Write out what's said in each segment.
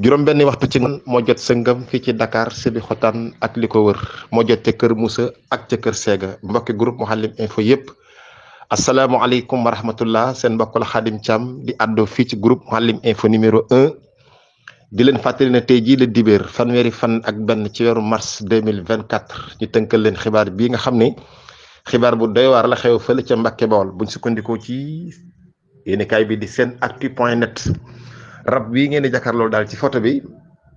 juróom benn waxtu ci ngoon moo jot sëngam fii ci Dakar Sébi xotaan ak li ko wër moo jot ca kër Moussa ak ca kër Séga mbokki groupe Mouhalim info yëpp asalaamualeykum aleykum rahmatullah seen mbokk la Xaadim Thiam di addo fii ci groupe Mouhalim info numéro un di leen fàttali ne tey jii la dibéer fanweeri fan ak benn ci weeru mars deux mille vingt quatre ñu tënkal leen xibaar bii nga xam ne xibaar bu doy waar la xew fële ca Mbàkke Bawol buñ sukkandikoo ci yéenekaay bi di seen actu point net. rab bii ngeen di jàkkaarloo daal ci photo bi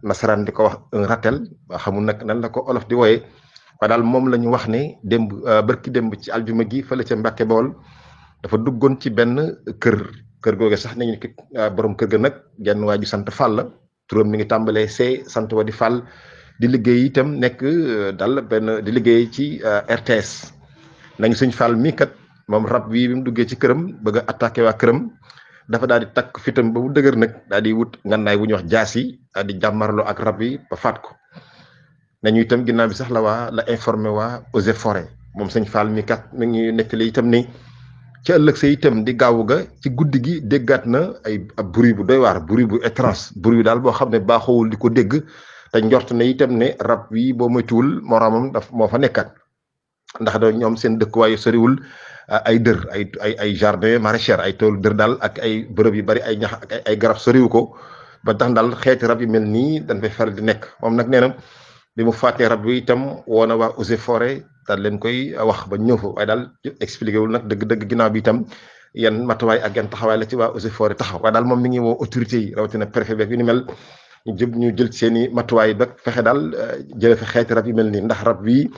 nasaraan di ko wax un ratel ba xamul nag nan la ko olof di wooyee waaye daal moom la ñu wax ni démb euh, bërki demb ci aljuma gi la ca Mbàkke bool dafa duggoon ci benn kër kër googe sax nañu ki euh, borom kër ga nag genn waa ju sant Fall la turam mi ngi tàmbalee see sant wa di di liggéey itam nekk euh, dal benn di liggéey ci RTS nañu suñ Fall mii kat moom rab bii bi mu duggee ci këram bëgg a attaqué këram. dafa daal di takk fitam ba mu dëgër nag daal di wut ngannaay bu ñuy wax jaas yi daal di jàmmarloo ak rab yi ba faat ko nañu itam ginnaaw bi sax la waa la informé waa o et moom sëñ Fall mi kat mi ngi nettali itam ni ci ëllëg sa itam di gaawu ga ci guddi gi déggaat na ay ab bruit bu doy waar bruit bu étrange bruit daal boo xam ne baaxoowul di ko dégg te njort na itam ne rab yi boo moytuwul moroomam daf moo fa nekkaat ndax da ñoom seen dëkkuwaay yu soriwul ay dër ay ay ay jardin maraîchère ay toolu dër daal ak ay bërëb yu bari ay ñax ak ay garab soriwu ko ba tax daal xeeti rab yu mel nii dan fay faral di nekk moom nag nee na bi mu fàttee rab bi itam woo na waa eaux et forêt daal leen koy wax ba ñëw fa waaye daal expliqué wul nag dëgg-dëgg ginnaaw bi itam yan matuwaay ak yan taxawaay la ci waa eaux et forêt taxaw waaye daal moom mi ngi woo autorités yi rawatina préfet beeg yu ni mel ñu ñu jël seen i matuwaay ba fexe daal eh, jëlee fa rab yu mel nii ndax rab bi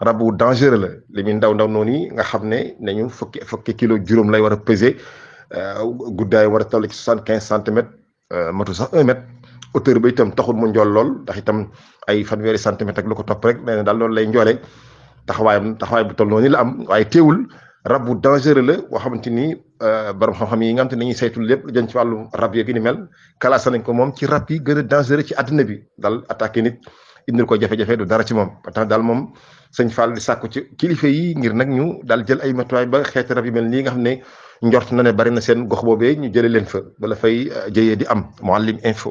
rab wu dangereux la li muy ndaw ndaw noonu yi nga xam ne nañu fukki fukki kilo juróom lay war a peser euh, guddaay war a toll ci soixante quinze centimètres euh, matu sax un mètre hauteur ba taxul mu njool lool ndax itam ay fanweeri centimètres ak lu ko topp rek nee na daal loolu lay njoolee taxawaayam taxawaay tol toll noonu la am waaye teewul rab bu dangereux la boo xamante ni euh, borom xam-xam yi nga xam te nañuy saytul lépp lu jëm ci wàllu rab yeeg yi ni mel nañ ko moom ci rab yi gën a dangereux ci àddina bi daal attaqué nit. indil ko jafe-jafe du dara ci moom ba tax daal moom sëñ Fall di sàkku ci kilifa yi ngir nag ñu daal jël ay matuwaay ba xeeti rab yu mel nii nga xam ne njort na ne bari na seen gox boobee ñu jëlee leen fa bala fay euh, jëyee di am Mouhalim info.